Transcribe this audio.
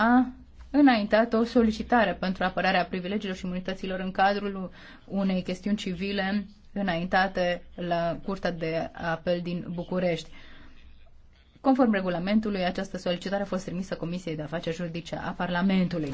a înaintat o solicitare pentru apărarea privilegiilor și imunităților în cadrul unei chestiuni civile înaintate la Curtea de Apel din București. Conform regulamentului, această solicitare a fost trimisă Comisiei de Afaceri Juridice a Parlamentului.